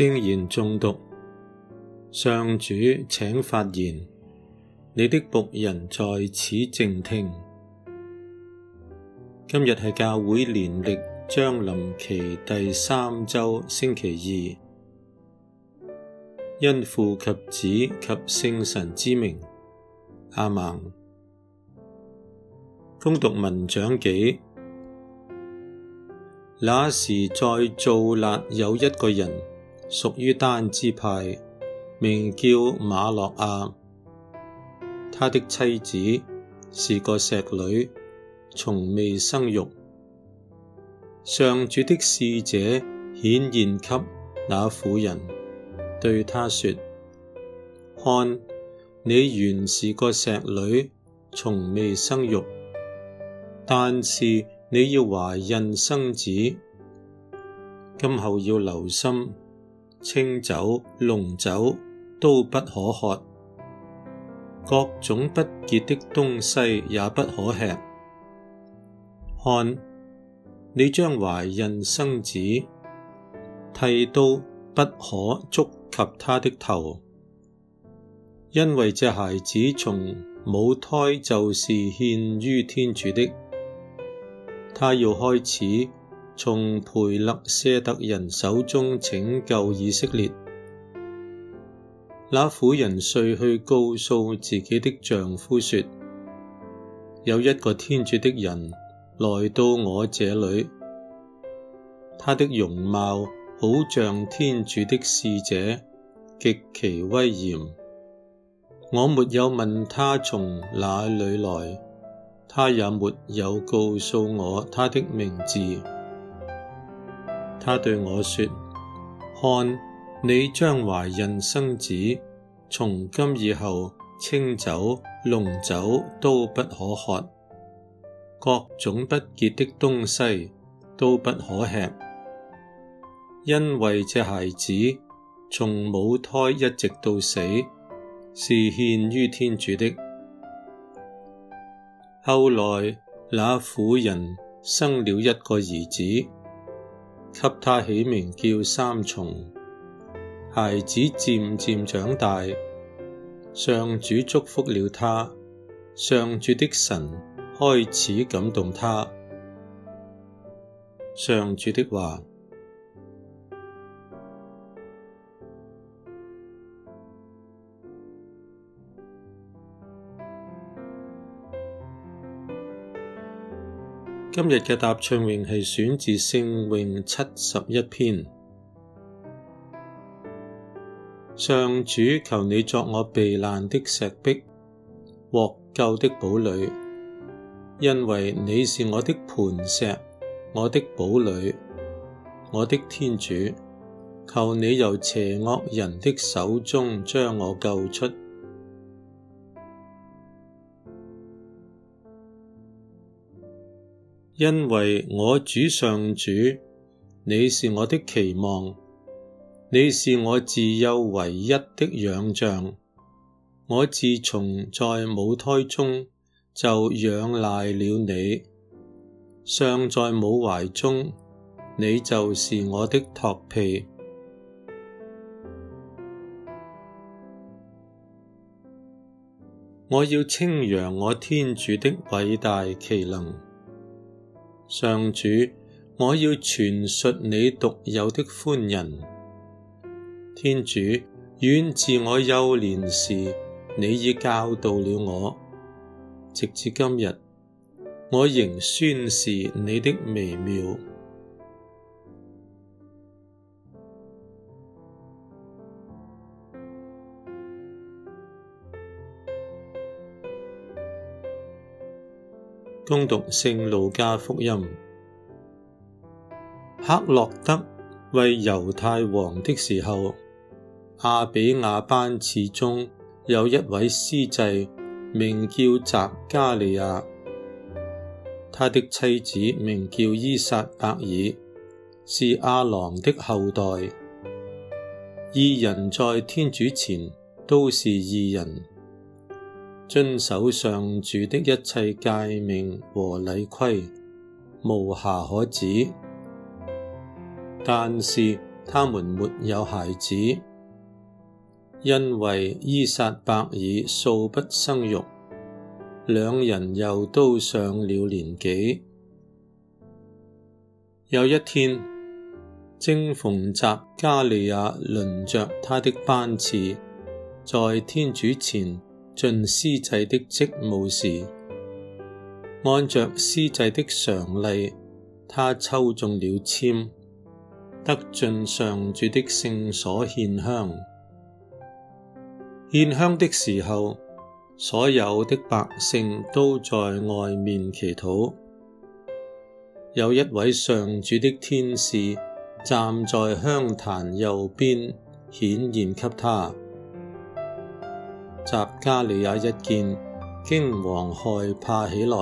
聖言誦讀，上主請發言，你的僕人在此靜聽。今日係教會年曆，將臨期第三周星期二，因父及子及聖神之名，阿門。恭讀民長紀。那時，在祚辣有一個人。屬於丹支派，名叫馬諾亞。他的妻子是個石女，從未生育。上主的使者顯現給那婦人，對她說：看，你原是個石女，從未生育，但是你要懷孕生子。今後要留心。清酒、濃酒都不可喝，各種不潔的東西也不可吃。看，你將懷孕生子，剃刀不可觸及他的頭，因為這孩子從母胎就是獻於天主的，他要開始，從培肋舍特人手中拯救以色列。那婦人遂去告訴自己的丈夫說：有一個天主的人來到我這裡，他的容貌好像天主的使者，極其威嚴。我沒有問他從哪裡來，他也沒有告訴我他的名字。他對我說：看，你將懷孕生子，從今以後清酒、濃酒都不可喝，各種不潔的東西都不可吃，因為這孩子從母胎一直到死，是獻於天主的。後來那婦人生了一個兒子。給他起名叫三松。孩子漸漸長大，上主祝福了他。上主的神開始感動他。上主的話。今日嘅答唱詠係選自聖詠七十一篇，上主，求你作我避難的石壁，獲救的堡壘，因為你是我的磐石，我的堡壘，我的天主，求你由邪惡人的手中將我救出。因為我主上主，你是我的期望，你是我自幼唯一的仰仗。我自從在母胎中就仰賴了你，尚在母懷中，你就是我的託庇。我要稱揚我天主的偉大奇能。上主，我要傳述你獨有的寬仁。天主，遠自我幼年時，你已教導了我，直至今日，我仍宣示你的微妙。恭讀聖路加福音，黑落德為猶太王的時候，阿彼雅班次中有一位司祭，名叫匝加利亞，他的妻子名叫依撒伯爾，是亞郎的後代。二人在天主前都是義人。遵守上主的一切誡命和禮規，無瑕可指。但是他們沒有孩子，因為依撒伯爾素不生育，兩人又都上了年紀。有一天，正逢匝加利亞輪着他的班次，在天主前。盡司祭的職務時，按着司祭的常例，他抽中了籤，得進上主的聖所獻香。獻香的時候，所有的百姓都在外面祈禱。有一位上主的天使站在香壇右邊，顯現給他。匝加利亞一見，驚惶害怕起來，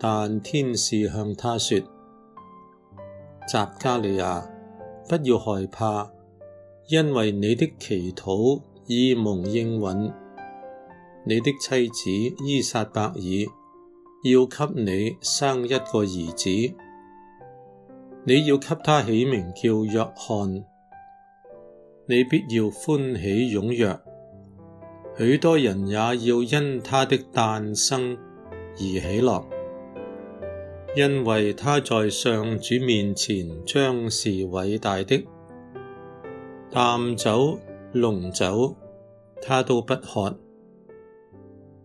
但天使向他說：匝加利亞，不要害怕，因為你的祈禱已蒙應允，你的妻子依撒伯爾要給你生一個兒子，你要給他起名叫若翰，你必要歡喜踴躍。許多人也要因他的誕生而喜樂，因為他在上主面前將是偉大的。淡酒、濃酒，他都不喝，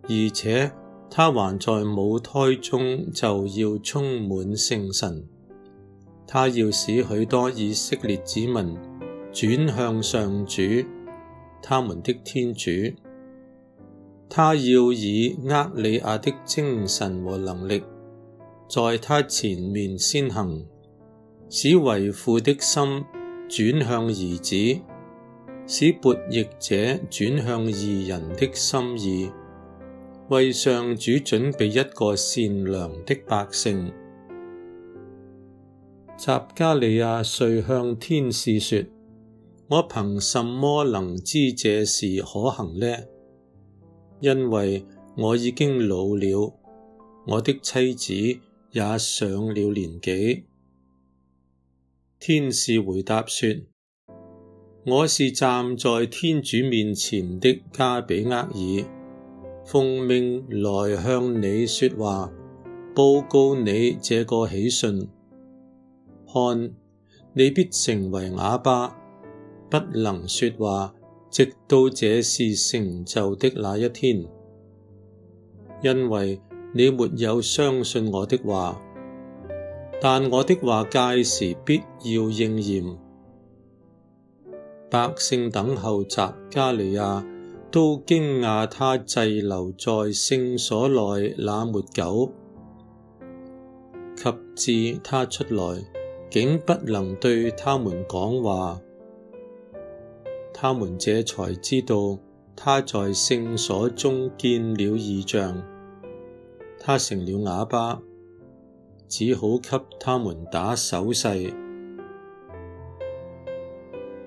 而且他還在母胎中就要充滿聖神。他要使許多以色列子民轉向上主，他們的天主。他要以厄里亞的精神和能力，在他前面先行，使為父的心轉向兒子，使悖逆者轉向義人的心意，為上主準備一個善良的百姓。匝加利亞遂向天使說：我憑什麼能知這事可行呢？因為我已經老了，我的妻子也上了年紀。天使回答說：我是站在天主面前的加俾額爾，奉命來向你說話，報告你這個喜訊。看，你必成為啞巴，不能說話。直到這事成就的那一天，因為你沒有相信我的話，但我的話屆時必要應驗。百姓等候匝加利亞，都驚訝他滯留在聖所內那末久，及至他出來，竟不能對他們講話。他們這才知道，他在聖所中見了異象，他成了啞巴，只好給他們打手勢。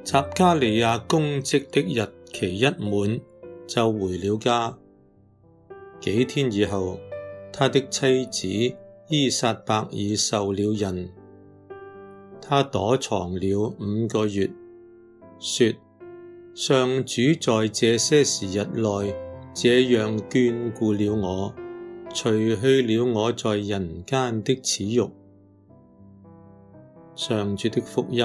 匝加利亞供職的日期一滿，就回了家。幾天以後，他的妻子依撒伯爾受了孕，她躲藏了五個月，說。上主在這些時日內，這樣眷顧了我，除去了我在人間的恥辱。上主的福音。